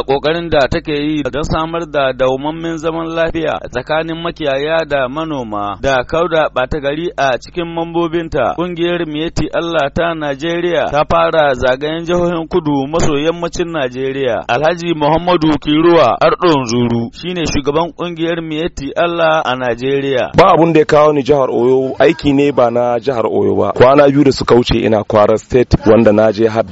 a ƙoƙarin da take yi don samar da dawwammamin zaman lafiya tsakanin makiyaya da manoma da kauda ɓata gari a cikin mambobinta ƙungiyar miyeti Allah ta Najeriya ta fara zagayen jihohin kudu maso yammacin Najeriya Alhaji Muhammadu Kiruwa Ardon Zuru shine shugaban ƙungiyar miyeti Allah a Najeriya ba abun da ya kawo ni jihar Oyo aiki ne ba na jihar Oyo ba kwana biyu da suka wuce ina Kwara state wanda na je har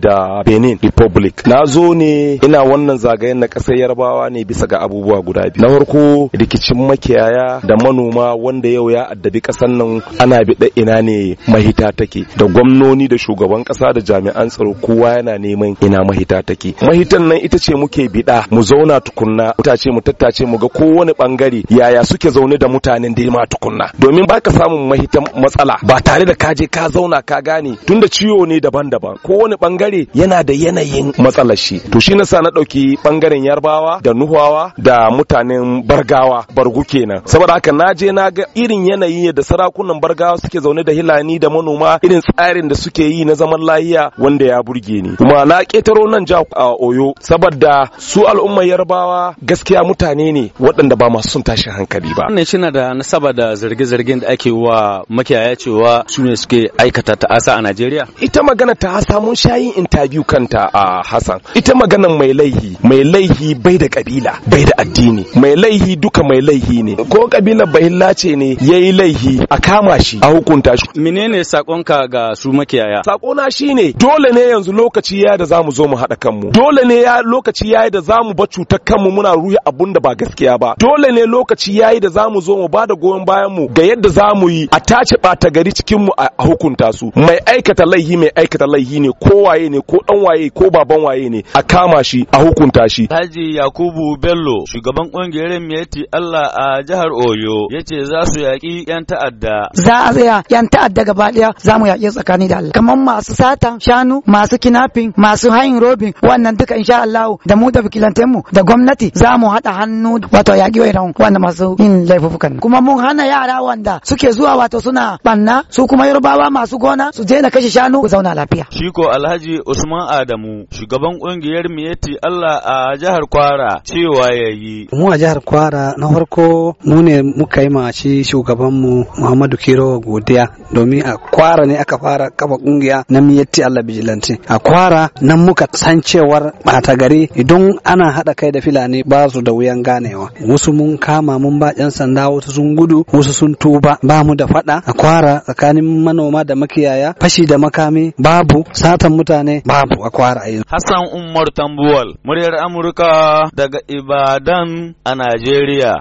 da Benin Republic na zo ne ina wannan zagayen na ƙasar yarbawa ne bisa ga abubuwa guda biyu na farko rikicin makiyaya da manoma wanda yau ya addabi ƙasar nan ana biɗa ina ne mahita take da gwamnoni da shugaban ƙasa da jami'an tsaro kowa yana neman ina mahita take mahitan nan ita ce muke biɗa mu zauna tukunna tace mu tattace mu ga kowane bangare yaya suke zaune da mutanen da ma tukunna domin ka samun mahitan matsala ba tare da ka je ka zauna ka gane tunda ciwo ne daban-daban kowane bangare yana da yanayin matsalar shi to shi na sa na ɗauki ɓangaren yarbawa da nuhawa da mutanen bargawa bargu kenan saboda haka na je na ga irin yanayi da sarakunan bargawa suke zaune da hilani da manoma irin tsarin da suke yi na zaman lahiya wanda ya burge ni kuma na ƙetaro nan ja a oyo saboda su al'umma yarbawa gaskiya mutane ne waɗanda ba masu son tashin hankali ba wannan shi na da nasaba da zarge-zargen da ake wa makiyaya cewa su ne suke aikata ta'asa a najeriya ita magana ta'asa mun sha yin intabiyu kanta a hassan ita maganan mai laihi mai laihi bai da kabila bai da addini mai laihi duka mai laihi ne ko kabila bai lace ne yayi laihi a kama shi a hukunta shi menene sakonka ga su makiyaya sakona shine dole ne yanzu lokaci ya da zamu zo mu haɗa kanmu dole ne ya lokaci ya da zamu ba cutar kanmu muna ruhi abun da ba gaskiya ba dole ne lokaci yayi da zamu zo mu bada goyon bayan mu ga yadda zamu yi a tace bata gari cikin mu a hukunta su mai aikata laihi mai aikata laihi ne ko waye ne ko dan waye ko baban waye ne a kama shi a hukunta shi. Haji Yakubu Bello shugaban kungiyar Miyeti Allah a jihar Oyo ya ce za su yaƙi 'yan ta'adda. Za a tsaya 'yan ta'adda gaba ɗaya za mu yaƙi tsakani da Allah. Kamar masu satan, shanu masu kinafin masu hayin robin wannan duka insha Allah da mu da bikilanten mu da gwamnati za mu haɗa hannu wato yaƙi wa wanda masu yin laifukan. Kuma mun hana yara wanda suke zuwa wato suna banna su kuma yarbawa masu gona su daina kashe shanu ku zauna lafiya. Shiko Alhaji Usman Adamu shugaban kungiyar Miyeti Allah a jihar Kwara cewa ya yi. Mu a jihar Kwara na farko mu ne muka yi mashi shugabanmu Muhammadu Kirowa godiya domin a Kwara ne aka fara kafa kungiya na miyatti Allah bijilanti. A Kwara nan muka san cewar bata gari idan ana haɗa kai da Fulani ba su da wuyan ganewa. Wasu mun kama mun ba ƴan sanda wasu sun gudu wasu sun tuba ba mu da faɗa a Kwara tsakanin manoma da makiyaya fashi da makami babu satan mutane babu a Kwara Hassan Umar Tambuwal Muryar Amurka daga Ibadan a Najeriya.